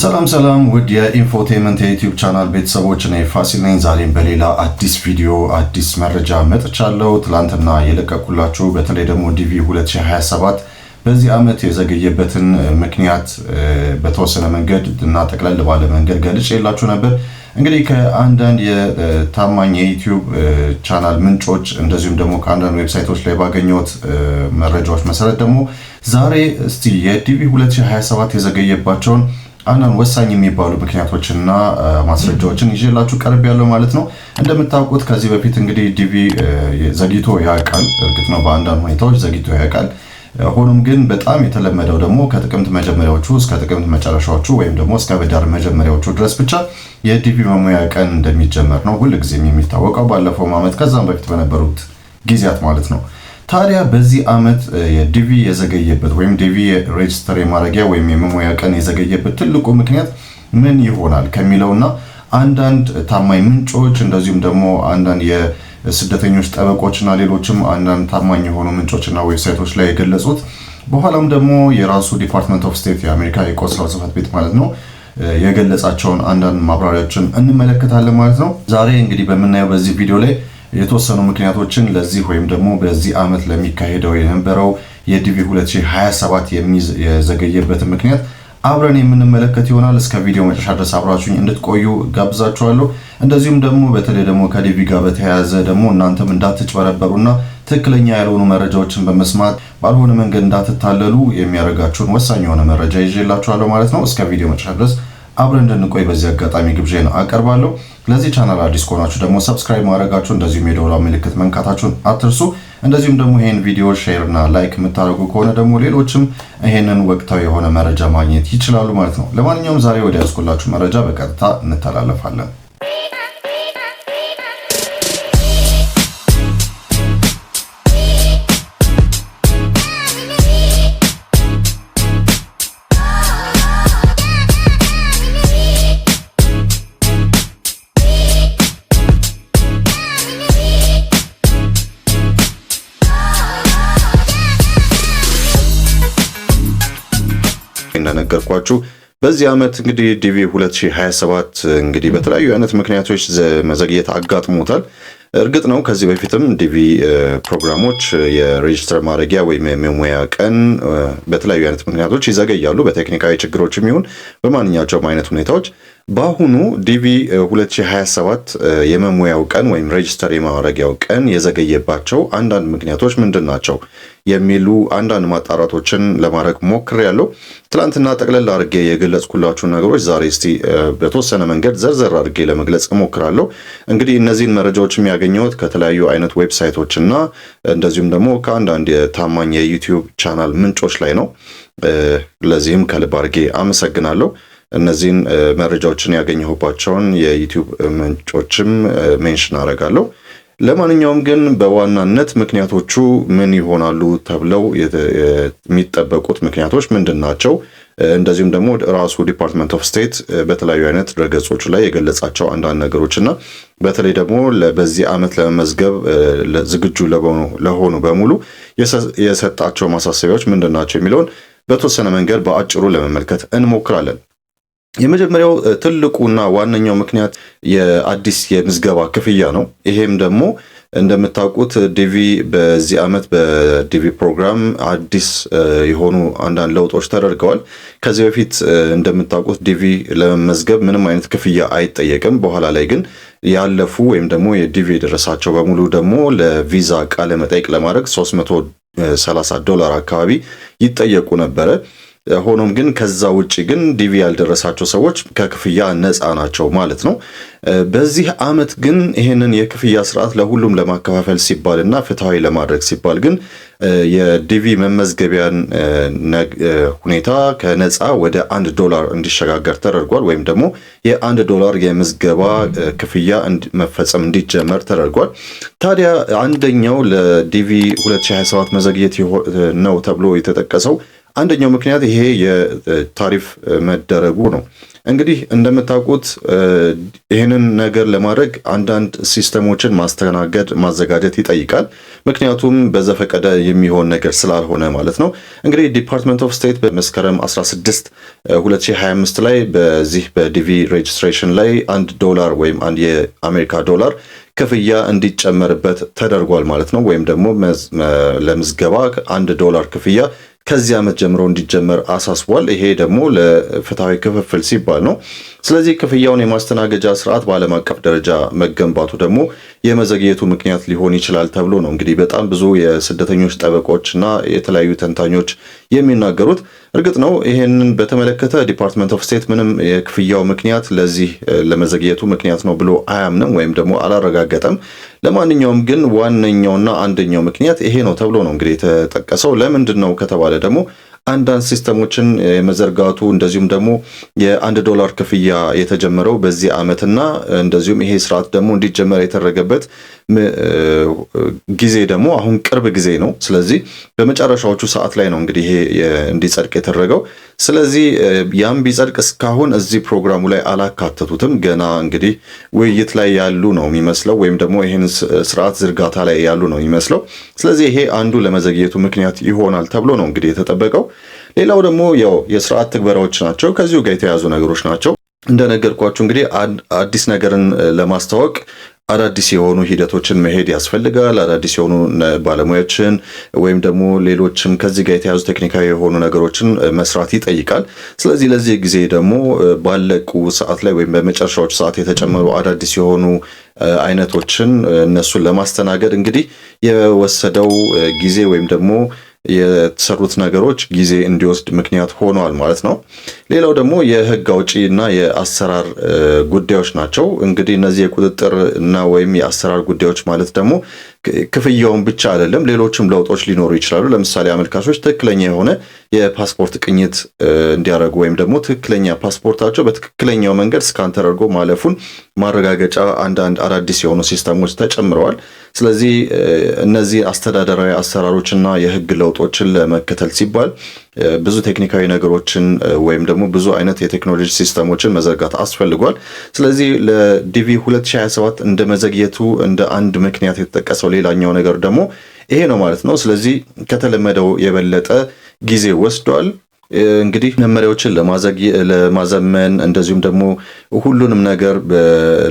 ሰላም ሰላም ውድ የኢንፎቴመንት የዩቲዩብ ቻናል ቤተሰቦች እኔ ፋሲል ነኝ። ዛሬም በሌላ አዲስ ቪዲዮ አዲስ መረጃ መጥቻለሁ። ትላንትና የለቀቁላችሁ በተለይ ደግሞ ዲቪ 2027 በዚህ ዓመት የዘገየበትን ምክንያት በተወሰነ መንገድ እና ጠቅለል ባለ መንገድ ገልጬላችሁ ነበር። እንግዲህ ከአንዳንድ የታማኝ የዩቲዩብ ቻናል ምንጮች እንደዚሁም ደግሞ ከአንዳንድ ዌብሳይቶች ላይ ባገኘሁት መረጃዎች መሰረት ደግሞ ዛሬ እስቲ የዲቪ 2027 የዘገየባቸውን አንዳንድ ወሳኝ የሚባሉ ምክንያቶችና ማስረጃዎችን ይዤላችሁ ቀርብ ያለው ማለት ነው። እንደምታውቁት ከዚህ በፊት እንግዲህ ዲቪ ዘግይቶ ያውቃል። እርግጥ ነው በአንዳንድ ሁኔታዎች ዘግይቶ ያውቃል። ሆኖም ግን በጣም የተለመደው ደግሞ ከጥቅምት መጀመሪያዎቹ እስከ ጥቅምት መጨረሻዎቹ ወይም ደግሞ እስከ ህዳር መጀመሪያዎቹ ድረስ ብቻ የዲቪ መሙያ ቀን እንደሚጀመር ነው ሁልጊዜም የሚታወቀው ባለፈው ዓመት ከዛም በፊት በነበሩት ጊዜያት ማለት ነው። ታዲያ በዚህ ዓመት የዲቪ የዘገየበት ወይም ዲቪ ሬጅስተር የማድረጊያ ወይም የመሙያ ቀን የዘገየበት ትልቁ ምክንያት ምን ይሆናል ከሚለውና አንዳንድ ታማኝ ምንጮች እንደዚሁም ደግሞ አንዳንድ የስደተኞች ጠበቆችና ሌሎችም አንዳንድ ታማኝ የሆኑ ምንጮችና ዌብሳይቶች ላይ የገለጹት በኋላም ደግሞ የራሱ ዲፓርትመንት ኦፍ ስቴት የአሜሪካ የቆንስላ ጽሕፈት ቤት ማለት ነው የገለጻቸውን አንዳንድ ማብራሪያዎችን እንመለከታለን ማለት ነው። ዛሬ እንግዲህ በምናየው በዚህ ቪዲዮ ላይ የተወሰኑ ምክንያቶችን ለዚህ ወይም ደግሞ በዚህ ዓመት ለሚካሄደው የነበረው የዲቪ 2027 የዘገየበት ምክንያት አብረን የምንመለከት ይሆናል። እስከ ቪዲዮ መጨረሻ ድረስ አብራችሁኝ እንድትቆዩ ጋብዛችኋለሁ። እንደዚሁም ደግሞ በተለይ ደግሞ ከዲቪ ጋር በተያያዘ ደግሞ እናንተም እንዳትጭበረበሩና ትክክለኛ ያልሆኑ መረጃዎችን በመስማት ባልሆነ መንገድ እንዳትታለሉ የሚያደርጋችሁን ወሳኝ የሆነ መረጃ ይዤላችኋለሁ ማለት ነው። እስከ ቪዲዮ መጨረሻ ድረስ አብረን እንድንቆይ በዚህ አጋጣሚ ግብዣን አቀርባለሁ። ለዚህ ቻናል አዲስ ከሆናችሁ ደግሞ ሰብስክራይብ ማድረጋችሁ እንደዚሁም የደወል ምልክት መንካታችሁን አትርሱ። እንደዚሁም ደግሞ ይህን ቪዲዮ ሼር እና ላይክ የምታደርጉ ከሆነ ደግሞ ሌሎችም ይህንን ወቅታዊ የሆነ መረጃ ማግኘት ይችላሉ ማለት ነው። ለማንኛውም ዛሬ ወደ ያዝኩላችሁ መረጃ በቀጥታ እንተላለፋለን። እንደነገርኳችሁ በዚህ ዓመት እንግዲህ ዲቪ 2027 እንግዲህ በተለያዩ አይነት ምክንያቶች መዘግየት አጋጥሞታል። እርግጥ ነው ከዚህ በፊትም ዲቪ ፕሮግራሞች የሬጅስተር ማድረጊያ ወይም የመሙያ ቀን በተለያዩ አይነት ምክንያቶች ይዘገያሉ። በቴክኒካዊ ችግሮችም ይሁን በማንኛቸውም አይነት ሁኔታዎች በአሁኑ ዲቪ 2027 የመሙያው ቀን ወይም ሬጅስተር የማረጊያው ቀን የዘገየባቸው አንዳንድ ምክንያቶች ምንድን ናቸው የሚሉ አንዳንድ ማጣራቶችን ለማድረግ ሞክር ያለው ትላንትና ጠቅለል አድርጌ የገለጽኩላችሁ ነገሮች ዛሬ እስቲ በተወሰነ መንገድ ዘርዘር አድርጌ ለመግለጽ እሞክራለሁ። እንግዲህ እነዚህን መረጃዎች የሚያገኘሁት ከተለያዩ አይነት ዌብሳይቶች እና እንደዚሁም ደግሞ ከአንዳንድ የታማኝ የዩቲዩብ ቻናል ምንጮች ላይ ነው። ለዚህም ከልብ አድርጌ አመሰግናለሁ። እነዚህን መረጃዎችን ያገኘሁባቸውን የዩቲዩብ ምንጮችም ሜንሽን አደርጋለሁ። ለማንኛውም ግን በዋናነት ምክንያቶቹ ምን ይሆናሉ ተብለው የሚጠበቁት ምክንያቶች ምንድን ናቸው? እንደዚሁም ደግሞ ራሱ ዲፓርትመንት ኦፍ ስቴት በተለያዩ አይነት ድረገጾቹ ላይ የገለጻቸው አንዳንድ ነገሮች እና በተለይ ደግሞ በዚህ ዓመት ለመመዝገብ ዝግጁ ለሆኑ በሙሉ የሰጣቸው ማሳሰቢያዎች ምንድን ናቸው የሚለውን በተወሰነ መንገድ በአጭሩ ለመመልከት እንሞክራለን። የመጀመሪያው ትልቁና ዋነኛው ምክንያት የአዲስ የምዝገባ ክፍያ ነው። ይሄም ደግሞ እንደምታውቁት ዲቪ በዚህ ዓመት በዲቪ ፕሮግራም አዲስ የሆኑ አንዳንድ ለውጦች ተደርገዋል። ከዚህ በፊት እንደምታውቁት ዲቪ ለመመዝገብ ምንም አይነት ክፍያ አይጠየቅም። በኋላ ላይ ግን ያለፉ ወይም ደግሞ የዲቪ የደረሳቸው በሙሉ ደግሞ ለቪዛ ቃለ መጠይቅ ለማድረግ 330 ዶላር አካባቢ ይጠየቁ ነበረ። ሆኖም ግን ከዛ ውጭ ግን ዲቪ ያልደረሳቸው ሰዎች ከክፍያ ነፃ ናቸው ማለት ነው። በዚህ ዓመት ግን ይህንን የክፍያ ስርዓት ለሁሉም ለማከፋፈል ሲባል እና ፍትሐዊ ለማድረግ ሲባል ግን የዲቪ መመዝገቢያን ሁኔታ ከነፃ ወደ አንድ ዶላር እንዲሸጋገር ተደርጓል። ወይም ደግሞ የአንድ ዶላር የምዝገባ ክፍያ መፈጸም እንዲጀመር ተደርጓል። ታዲያ አንደኛው ለዲቪ 2027 መዘግየት ነው ተብሎ የተጠቀሰው አንደኛው ምክንያት ይሄ የታሪፍ መደረጉ ነው። እንግዲህ እንደምታውቁት ይህንን ነገር ለማድረግ አንዳንድ ሲስተሞችን ማስተናገድ ማዘጋጀት ይጠይቃል። ምክንያቱም በዘፈቀደ የሚሆን ነገር ስላልሆነ ማለት ነው። እንግዲህ ዲፓርትመንት ኦፍ ስቴት በመስከረም 16 2025 ላይ በዚህ በዲቪ ሬጅስትሬሽን ላይ አንድ ዶላር ወይም አንድ የአሜሪካ ዶላር ክፍያ እንዲጨመርበት ተደርጓል ማለት ነው። ወይም ደግሞ ለምዝገባ አንድ ዶላር ክፍያ ከዚህ ዓመት ጀምሮ እንዲጀመር አሳስቧል። ይሄ ደግሞ ለፍትሐዊ ክፍፍል ሲባል ነው። ስለዚህ ክፍያውን የማስተናገጃ ስርዓት በዓለም አቀፍ ደረጃ መገንባቱ ደግሞ የመዘግየቱ ምክንያት ሊሆን ይችላል ተብሎ ነው እንግዲህ በጣም ብዙ የስደተኞች ጠበቆች እና የተለያዩ ተንታኞች የሚናገሩት። እርግጥ ነው ይህንን በተመለከተ ዲፓርትመንት ኦፍ ስቴት ምንም የክፍያው ምክንያት ለዚህ ለመዘግየቱ ምክንያት ነው ብሎ አያምንም ወይም ደግሞ አላረጋገጠም። ለማንኛውም ግን ዋነኛውና አንደኛው ምክንያት ይሄ ነው ተብሎ ነው እንግዲህ የተጠቀሰው። ለምንድን ነው ከተባለ ደግሞ አንዳንድ ሲስተሞችን የመዘርጋቱ እንደዚሁም ደግሞ የአንድ ዶላር ክፍያ የተጀመረው በዚህ ዓመትና እንደዚሁም ይሄ ስርዓት ደግሞ እንዲጀመር የተደረገበት ጊዜ ደግሞ አሁን ቅርብ ጊዜ ነው። ስለዚህ በመጨረሻዎቹ ሰዓት ላይ ነው እንግዲህ ይሄ እንዲጸድቅ የተደረገው። ስለዚህ ያም ቢጸድቅ እስካሁን እዚህ ፕሮግራሙ ላይ አላካተቱትም። ገና እንግዲህ ውይይት ላይ ያሉ ነው የሚመስለው፣ ወይም ደግሞ ይህን ስርዓት ዝርጋታ ላይ ያሉ ነው የሚመስለው። ስለዚህ ይሄ አንዱ ለመዘግየቱ ምክንያት ይሆናል ተብሎ ነው እንግዲህ የተጠበቀው። ሌላው ደግሞ ያው የስርዓት ትግበራዎች ናቸው፣ ከዚሁ ጋር የተያያዙ ነገሮች ናቸው። እንደነገርኳችሁ እንግዲህ አዲስ ነገርን ለማስተዋወቅ አዳዲስ የሆኑ ሂደቶችን መሄድ ያስፈልጋል። አዳዲስ የሆኑ ባለሙያዎችን ወይም ደግሞ ሌሎችም ከዚህ ጋር የተያዙ ቴክኒካዊ የሆኑ ነገሮችን መስራት ይጠይቃል። ስለዚህ ለዚህ ጊዜ ደግሞ ባለቁ ሰዓት ላይ ወይም በመጨረሻዎች ሰዓት የተጨመሩ አዳዲስ የሆኑ አይነቶችን እነሱን ለማስተናገድ እንግዲህ የወሰደው ጊዜ ወይም ደግሞ የተሰሩት ነገሮች ጊዜ እንዲወስድ ምክንያት ሆኗል ማለት ነው። ሌላው ደግሞ የህግ አውጪ እና የአሰራር ጉዳዮች ናቸው። እንግዲህ እነዚህ የቁጥጥር እና ወይም የአሰራር ጉዳዮች ማለት ደግሞ ክፍያውን ብቻ አይደለም፣ ሌሎችም ለውጦች ሊኖሩ ይችላሉ። ለምሳሌ አመልካቾች ትክክለኛ የሆነ የፓስፖርት ቅኝት እንዲያደርጉ ወይም ደግሞ ትክክለኛ ፓስፖርታቸው በትክክለኛው መንገድ ስካን ተደርጎ ማለፉን ማረጋገጫ አንዳንድ አዳዲስ የሆኑ ሲስተሞች ተጨምረዋል። ስለዚህ እነዚህ አስተዳደራዊ አሰራሮችና የህግ ለውጦችን ለመከተል ሲባል ብዙ ቴክኒካዊ ነገሮችን ወይም ደግሞ ብዙ አይነት የቴክኖሎጂ ሲስተሞችን መዘርጋት አስፈልጓል። ስለዚህ ለዲቪ 2027 እንደ መዘግየቱ እንደ አንድ ምክንያት የተጠቀሰው ሌላኛው ነገር ደግሞ ይሄ ነው ማለት ነው። ስለዚህ ከተለመደው የበለጠ ጊዜ ወስዷል። እንግዲህ መመሪያዎችን ለማዘመን እንደዚሁም ደግሞ ሁሉንም ነገር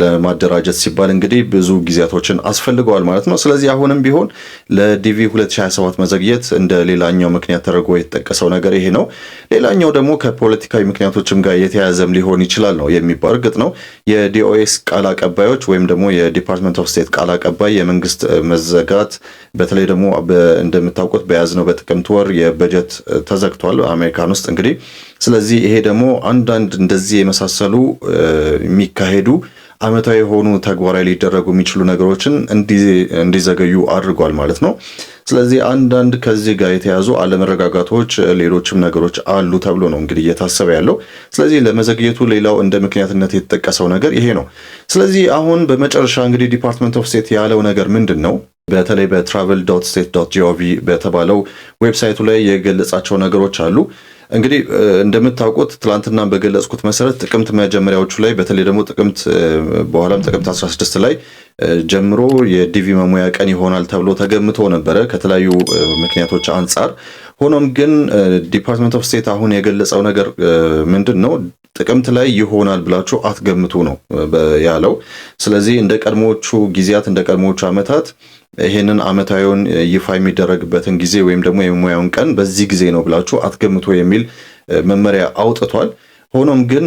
ለማደራጀት ሲባል እንግዲህ ብዙ ጊዜያቶችን አስፈልገዋል ማለት ነው። ስለዚህ አሁንም ቢሆን ለዲቪ 2027 መዘግየት እንደ ሌላኛው ምክንያት ተደርጎ የተጠቀሰው ነገር ይሄ ነው። ሌላኛው ደግሞ ከፖለቲካዊ ምክንያቶችም ጋር የተያያዘም ሊሆን ይችላል ነው የሚባል። እርግጥ ነው የዲኦኤስ ቃል አቀባዮች ወይም ደግሞ የዲፓርትመንት ኦፍ ስቴት ቃል አቀባይ የመንግስት መዘጋት በተለይ ደግሞ እንደምታውቁት በያዝነው በጥቅምት ወር የበጀት ተዘግቷል አሜሪካን ውስጥ እንግዲህ ስለዚህ ይሄ ደግሞ አንዳንድ እንደዚህ የመሳሰሉ የሚካሄዱ አመታዊ የሆኑ ተግባራዊ ሊደረጉ የሚችሉ ነገሮችን እንዲዘገዩ አድርጓል ማለት ነው። ስለዚህ አንዳንድ ከዚህ ጋር የተያዙ አለመረጋጋቶች፣ ሌሎችም ነገሮች አሉ ተብሎ ነው እንግዲህ እየታሰበ ያለው። ስለዚህ ለመዘግየቱ ሌላው እንደ ምክንያትነት የተጠቀሰው ነገር ይሄ ነው። ስለዚህ አሁን በመጨረሻ እንግዲህ ዲፓርትመንት ኦፍ ስቴት ያለው ነገር ምንድን ነው? በተለይ በትራቨል ዶት ስቴት ዶት ጂኦቪ በተባለው ዌብሳይቱ ላይ የገለጻቸው ነገሮች አሉ። እንግዲህ እንደምታውቁት ትላንትናም በገለጽኩት መሰረት ጥቅምት መጀመሪያዎቹ ላይ በተለይ ደግሞ ጥቅምት በኋላም ጥቅምት 16 ላይ ጀምሮ የዲቪ መሙያ ቀን ይሆናል ተብሎ ተገምቶ ነበረ ከተለያዩ ምክንያቶች አንጻር። ሆኖም ግን ዲፓርትመንት ኦፍ ስቴት አሁን የገለጸው ነገር ምንድን ነው? ጥቅምት ላይ ይሆናል ብላችሁ አትገምቱ ነው ያለው። ስለዚህ እንደ ቀድሞዎቹ ጊዜያት እንደ ቀድሞዎቹ ዓመታት ይሄንን አመታዊውን ይፋ የሚደረግበትን ጊዜ ወይም ደግሞ የሙያውን ቀን በዚህ ጊዜ ነው ብላችሁ አትገምቶ የሚል መመሪያ አውጥቷል። ሆኖም ግን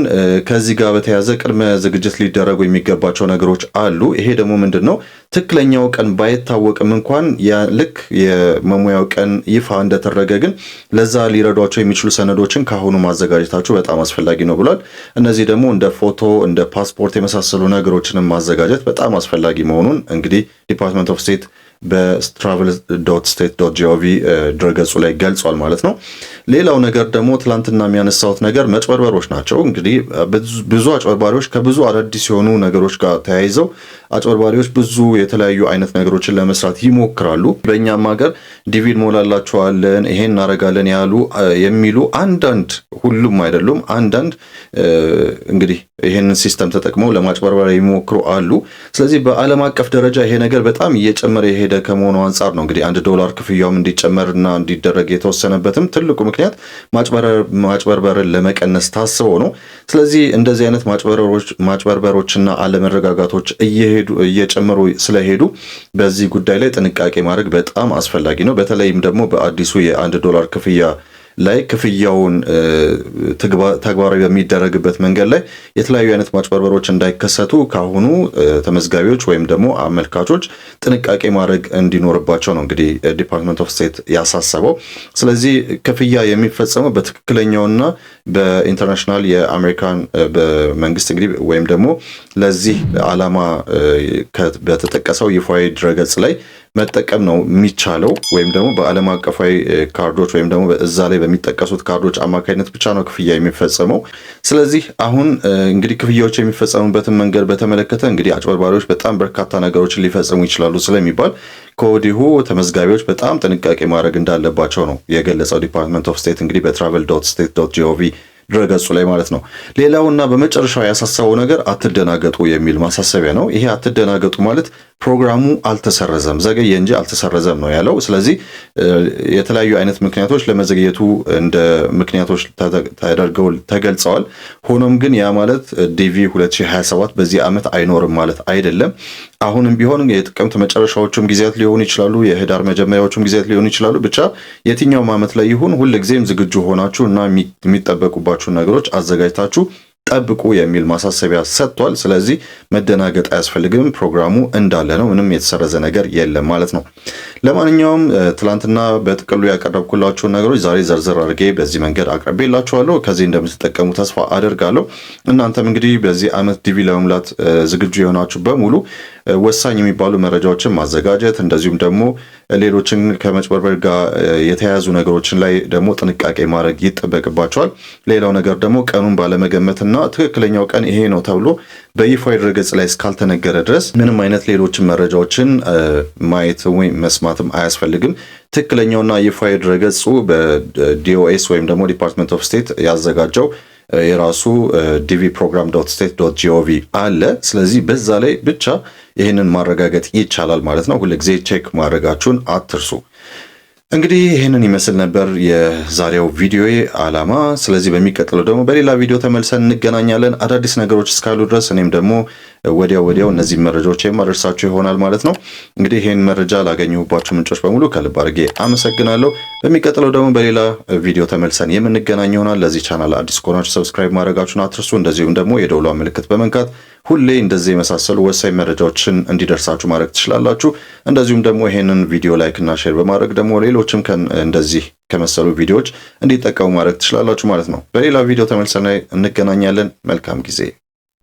ከዚህ ጋር በተያዘ ቅድመ ዝግጅት ሊደረጉ የሚገባቸው ነገሮች አሉ። ይሄ ደግሞ ምንድን ነው? ትክክለኛው ቀን ባይታወቅም እንኳን ልክ የመሙያው ቀን ይፋ እንደተደረገ ግን ለዛ ሊረዷቸው የሚችሉ ሰነዶችን ከአሁኑ ማዘጋጀታቸው በጣም አስፈላጊ ነው ብሏል። እነዚህ ደግሞ እንደ ፎቶ፣ እንደ ፓስፖርት የመሳሰሉ ነገሮችንም ማዘጋጀት በጣም አስፈላጊ መሆኑን እንግዲህ ዲፓርትመንት ኦፍ ስቴት በትራቨል ዶት ስቴት ዶት ጂኦቪ ድረገጹ ላይ ገልጿል ማለት ነው። ሌላው ነገር ደግሞ ትላንትና የሚያነሳውት ነገር መጭበርበሮች ናቸው። እንግዲህ ብዙ አጭበርባሪዎች ከብዙ አዳዲስ የሆኑ ነገሮች ጋር ተያይዘው አጭበርባሪዎች ብዙ የተለያዩ አይነት ነገሮችን ለመስራት ይሞክራሉ። በእኛም ሀገር ዲቪ ሞላላቸዋለን ይሄን እናደርጋለን ያሉ የሚሉ አንዳንድ፣ ሁሉም አይደሉም፣ አንዳንድ እንግዲህ ይሄንን ሲስተም ተጠቅመው ለማጭበርበር የሚሞክሩ አሉ። ስለዚህ በዓለም አቀፍ ደረጃ ይሄ ነገር በጣም እየጨመረ የሄደ ከመሆኑ አንጻር ነው እንግዲህ አንድ ዶላር ክፍያውም እንዲጨመርና እንዲደረግ የተወሰነበትም ትልቁ ምክንያት ማጭበርበርን ለመቀነስ ታስቦ ነው። ስለዚህ እንደዚህ አይነት ማጭበርበሮችና አለመረጋጋቶች እየጨመሩ ስለሄዱ በዚህ ጉዳይ ላይ ጥንቃቄ ማድረግ በጣም አስፈላጊ ነው። በተለይም ደግሞ በአዲሱ የአንድ ዶላር ክፍያ ላይ ክፍያውን ተግባራዊ በሚደረግበት መንገድ ላይ የተለያዩ አይነት ማጭበርበሮች እንዳይከሰቱ ከአሁኑ ተመዝጋቢዎች ወይም ደግሞ አመልካቾች ጥንቃቄ ማድረግ እንዲኖርባቸው ነው እንግዲህ ዲፓርትመንት ኦፍ ስቴት ያሳሰበው። ስለዚህ ክፍያ የሚፈጸመው በትክክለኛውና በኢንተርናሽናል የአሜሪካን በመንግስት እንግዲህ ወይም ደግሞ ለዚህ ዓላማ በተጠቀሰው ይፋዊ ድረገጽ ላይ መጠቀም ነው የሚቻለው ወይም ደግሞ በዓለም አቀፋዊ ካርዶች ወይም ደግሞ እዛ ላይ በሚጠቀሱት ካርዶች አማካኝነት ብቻ ነው ክፍያ የሚፈጸመው። ስለዚህ አሁን እንግዲህ ክፍያዎች የሚፈጸሙበትን መንገድ በተመለከተ እንግዲህ አጭበርባሪዎች በጣም በርካታ ነገሮችን ሊፈጽሙ ይችላሉ ስለሚባል ከወዲሁ ተመዝጋቢዎች በጣም ጥንቃቄ ማድረግ እንዳለባቸው ነው የገለጸው ዲፓርትመንት ኦፍ ስቴት እንግዲህ በትራቨል ዶት ስቴት ዶት ጂኦቪ ድረገጹ ላይ ማለት ነው። ሌላውና በመጨረሻው ያሳሰበው ነገር አትደናገጡ የሚል ማሳሰቢያ ነው። ይሄ አትደናገጡ ማለት ፕሮግራሙ አልተሰረዘም፣ ዘገየ እንጂ አልተሰረዘም ነው ያለው። ስለዚህ የተለያዩ አይነት ምክንያቶች ለመዘግየቱ እንደ ምክንያቶች ተደርገው ተገልጸዋል። ሆኖም ግን ያ ማለት ዲቪ 2027 በዚህ ዓመት አይኖርም ማለት አይደለም። አሁንም ቢሆን የጥቅምት መጨረሻዎቹም ጊዜያት ሊሆኑ ይችላሉ፣ የህዳር መጀመሪያዎቹም ጊዜያት ሊሆኑ ይችላሉ። ብቻ የትኛውም ዓመት ላይ ይሁን ሁልጊዜም ዝግጁ ሆናችሁ እና የሚጠበቁባችሁ ነገሮች አዘጋጅታችሁ ጠብቁ የሚል ማሳሰቢያ ሰጥቷል። ስለዚህ መደናገጥ አያስፈልግም። ፕሮግራሙ እንዳለ ነው። ምንም የተሰረዘ ነገር የለም ማለት ነው። ለማንኛውም ትላንትና በጥቅሉ ያቀረብኩላችሁን ነገሮች ዛሬ ዘርዘር አድርጌ በዚህ መንገድ አቅርቤላችኋለሁ። ከዚህ እንደምትጠቀሙ ተስፋ አደርጋለሁ። እናንተም እንግዲህ በዚህ ዓመት ዲቪ ለመሙላት ዝግጁ የሆናችሁ በሙሉ ወሳኝ የሚባሉ መረጃዎችን ማዘጋጀት እንደዚሁም ደግሞ ሌሎችን ከመጭበርበር ጋር የተያያዙ ነገሮችን ላይ ደግሞ ጥንቃቄ ማድረግ ይጠበቅባቸዋል። ሌላው ነገር ደግሞ ቀኑን ባለመገመትና ትክክለኛው ቀን ይሄ ነው ተብሎ በይፋ ድረገጽ ላይ እስካልተነገረ ድረስ ምንም አይነት ሌሎችን መረጃዎችን ማየት ወይም መስማትም አያስፈልግም። ትክክለኛውና ይፋዊ ድረገጹ በዲኦኤስ ወይም ደግሞ ዲፓርትመንት ኦፍ ስቴት ያዘጋጀው የራሱ ዲቪ ፕሮግራም ዶት ስቴት ዶት ጂኦቪ አለ። ስለዚህ በዛ ላይ ብቻ ይህንን ማረጋገጥ ይቻላል ማለት ነው። ሁልጊዜ ቼክ ማድረጋችሁን አትርሱ። እንግዲህ ይህንን ይመስል ነበር የዛሬው ቪዲዮ ዓላማ። ስለዚህ በሚቀጥለው ደግሞ በሌላ ቪዲዮ ተመልሰን እንገናኛለን። አዳዲስ ነገሮች እስካሉ ድረስ እኔም ደግሞ ወዲያው ወዲያው እነዚህ መረጃዎች የማደርሳችሁ ይሆናል ማለት ነው። እንግዲህ ይህን መረጃ ላገኘሁባችሁ ምንጮች በሙሉ ከልብ አድርጌ አመሰግናለሁ። በሚቀጥለው ደግሞ በሌላ ቪዲዮ ተመልሰን የምንገናኝ ይሆናል። ለዚህ ቻናል አዲስ ከሆናችሁ ሰብስክራይብ ማድረጋችሁን አትርሱ። እንደዚሁም ደግሞ የደውሏ ምልክት በመንካት ሁሌ እንደዚህ የመሳሰሉ ወሳኝ መረጃዎችን እንዲደርሳችሁ ማድረግ ትችላላችሁ። እንደዚሁም ደግሞ ይሄንን ቪዲዮ እና ሼር በማድረግ ደግሞ ሌሎችም እንደዚህ ከመሰሉ ቪዲዮዎች እንዲጠቀሙ ማድረግ ትችላላችሁ ማለት ነው። በሌላ ቪዲዮ ተመልሰን እንገናኛለን። መልካም ጊዜ